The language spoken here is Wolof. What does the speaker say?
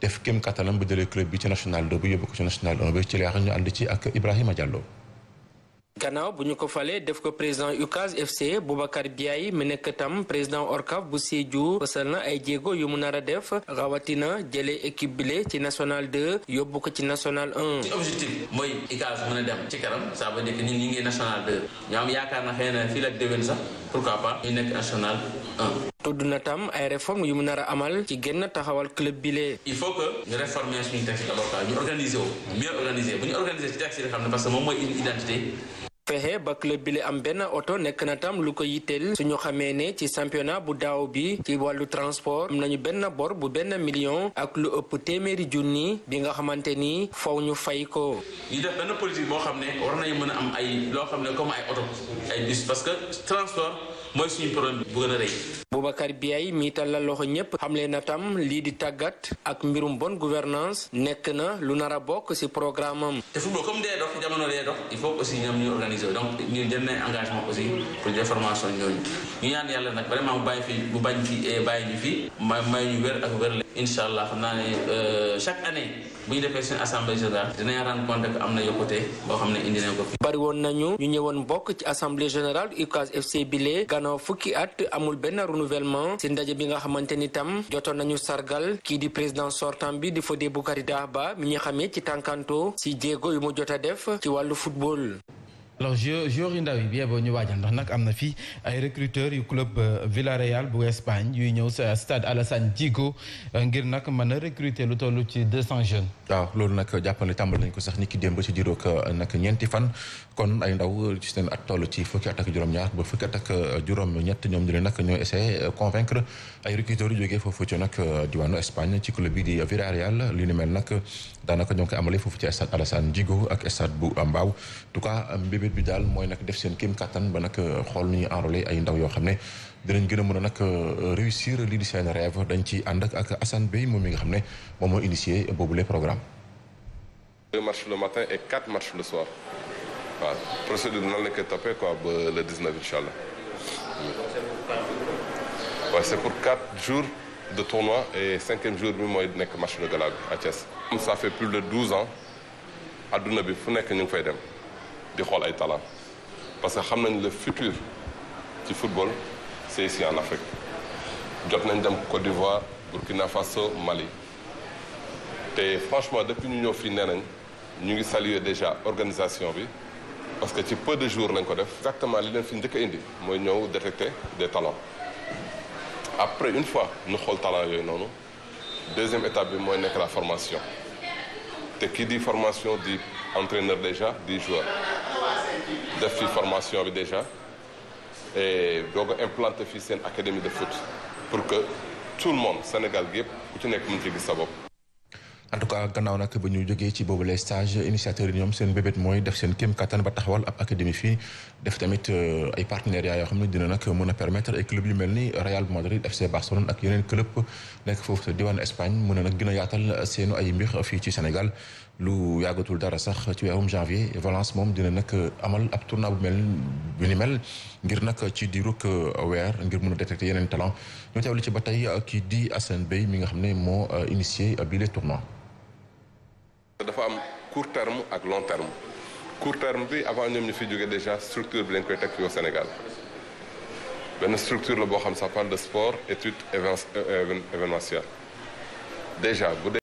def kem kàttalam ba jëlee club bi ci national 2 bi yóbbu ko ci national 1 bi ci leex ànd ci ak Ibrahima Diallo. gannaaw bu ñu ko falee def ko président UCAS FC Boubacar Biaye mi nekk tam président ORCAV bu Sédhiou fësal na ay jéego yu mu nar a def rawatina jëlee équipe bile ci national 2 yóbbu ko ci national 1. ci objectif mooy UCAS mën a dem ci kanam ça veut dire que ñun ñu ngi national 2 ñu am yaakaar na xëy fii la déwén sax pourquoi pas ñu nekk tudd na tam ay réforme yu mu nar a amal ci génn taxawal club bile. il faut que ñu réformer suñu taxi d'abord ñu organiser wu ñu organiser ci taxi yi nga xam ne parce que moom mooy une identité. fexe ba club bi la am benn oto nekk na tam lu ko yitteel suñu xamee ne ci championnat bu daaw bi ci wàllu transport nañu benn bor bu benn million ak lu ëpp téeméeri junni bi nga xamante ni faw ñu fay ko. ñu def boo xam ne war nañu mën a am ay loo xam ne comme ay oto ay bus que transport mooy suñu problème bu gën a rëy. Boubacar Biaye mi tàllal loxo ñëpp xamle na tam lii di tàggat ak mbirum bonne gouvernance nekk na lu nar bokk ci programme am. comme dee dox il faut aussi ñoom ñu organiser organisé wu donc ñun jël nañ engagement aussi pour jël formation ñooñu ñu ñaan yàlla nag vraiment mu bàyyi fi bu bañ fi eh, bàyyi fi may may ñu ak wér la incha allah xam naa ne euh, chaque année bu ñu defee seen assemblée générale dinañ rendre compte que am na yokkute boo xam ne indi nañ ko fi bari woon nañu ñu ñëwoon bokk ci assemblée générale UCAS FC bile gannaaw fukki at amul benn renouvellement si ndaje bi nga xamante ni tam jotoon nañu sargal kii di président sortan bi di Fodé Boukary Daaba mi ñu xamee ci tànkanto si jéego yu mu jot a def ci wàllu football alors joueurs yu ndaw yi bien boo ñu waajal ndax nag am na fii ay recruteurs yu club euh, Villarreal bu Espagne yuy ñëw sa stade Alassane Djigo euh, ngir nag mën a recruter lu toll ci deux cent jeunes. waaw ah, loolu nag jàppale tàmbali nañ ko sax ni ki démb ci diiru euh, nag ñeenti fan kon ay ndaw ci seen at toll ci fukki at juróom-ñaar ba fukki at ak juróom-ñett ñoom ñu ne nag ñoo essayé convaincre ay recruteurs yu jógee foofu ci nag diwaanu Espagne ci club bi di Villarreal li ni mel nag daanaka ñoo ngi koy amale foofu ci stade Alassane Djigo ak stade bu Mbao en ébét bi daal mooy nag def seen kéem kattan ba nag euh, xool nu ñuy enrôler ay ndaw yoo xam ne dinañ gën a mën a nag euh, réussir lii di seen rêve dañ ci ànd ak ak Assane moom mi nga xam ne moom moo initié boobule programme. deux matchs le matin et quatre le soir waaw procédure nan la koy toppee quoi ba le 19 incha allah. waaw c'est pour quatre jours de tournoi et cinquième jour bi mooy nekk match de gala bi à Thiès. ça fait plus de ans adduna bi fu nekk ñu ngi fay dem. di xool ay talent parce que xam nañu le futur ci football c'est ici en Afrique jot nañ dem Côte d'Ivoire Burkina Faso Mali te franchement depuis ñu ñëw fii nee nañ ñu ngi saluer déjà organisation bi parce que ci peu de jours lañ ko def exactement li leen fi njëkk a indi mooy ñëw détecter des talents après une fois ñu xool talent yooyu noonu deuxième étape bi mooy nekk la formation te kii di formation di entraîneur déjà di joueur def fi formation bi déjà e doog a implanté fii seen académie de foot pour que tout le monde Sénégal gi yëpp ku ci nekk mën ci gis sa en tout cas gannaaw nag ba ñu jógee ci boobu les stages initiateurs yi ñoom seen bébét mooy def seen kéem kattan ba taxawal ab académie fi def tamit euh, ay partenariats yoo xam ne dina nag mën a permettre ay club yu mel ni Real Madrid FC Barcelone ak yeneen club nekk foofu sa diwaan Espagne mën a nag gën a yaatal seenu ay mbir fii ci Sénégal lu yàggatul dara sax ci weerum janvier Valence moom dina nag euh, amal ab tournoi bu mel bu ni mel ngir nag ci di rukk euh, weer ngir mun a détecter yeneen talent ñoo teewlu ci ba tey euh, kii di Assane Bey mi nga xam ne moo initié bi le dafa am court terme ak long terme court terme bi avant ñoom ñu fi jóge déjà structure bi lañ koy teg fii au Sénégal benn structure la boo xam ça parle de sport étude événementiel déjà